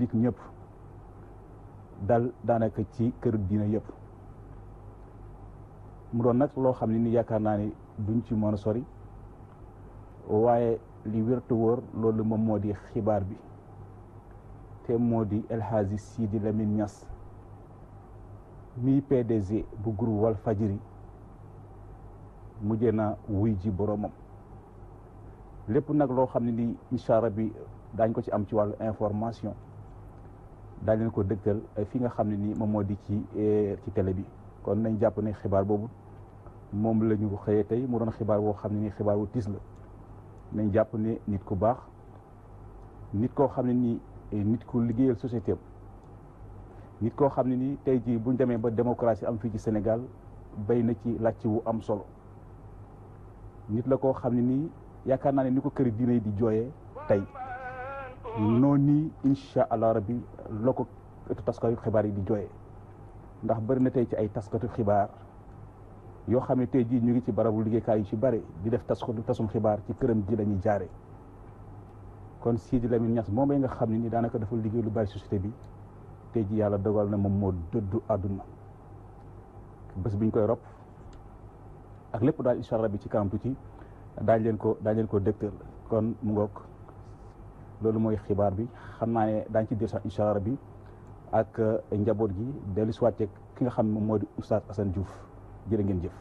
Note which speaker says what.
Speaker 1: dik ñëpp dal daanaka ci kër diina yëpp mu doon nag loo xam ne ni yaakaar naa ni duñ ci mën a sori waaye li wértu wóor loolu moom moo di xibaar bi te moo di El Hadji Sidi Lamine ñas mi PDG bu groupe Walfadjri mujjee na wuy ji boromam lépp nag loo xam ne ni incha bi daañ ko ci am ci wàllu information daal leen ko dëgtal eh, fi nga xam ne nii moom moo di ci eh, ci télé bi kon nañ jàpp ne xibaar boobu moom la xëyee tey mu doon xibaar boo xam ne nii xibaar bu tiis la nañ jàpp ne nit ku baax nit koo xam ne nii eh, nit liggéeyal société nit koo xam ne nii tey jii buñ demee ba démocratie am fii ci senegal bay na ci làcc wu am solo nit la koo xam ne nii yaakaar naa ne ni ko kër diine di jooyee tey noonu incha allah rabbi la ko taskatu xibaar yi di jooyee ndax bëri na tey ci ay taskatu xibaar yoo xam ne tey jii ñu ngi ci barabu liggéeykaay yu ci bëri di def taskatu tasum xibaar ci këram ji la jaare kon Sidi Lamine ñas moom nga xam ne ni daanaka dafa liggéey lu bari société bi tey jii yàlla dogal na moom moo dëddu àdduna bés biñ koy rob ak lépp daal incha allah rabbi ci kanam ci daañ leen ko daañ leen ko dëgtal kon mu ngoog loolu mooy xibaar bi xam naa ne daañu ci dellusiwaat incha allah rabbi ak euh, njaboot gi dellusiwaat yeeg ki nga xam moom moo di oustaz Assane Diouf jërë ngeen jëf.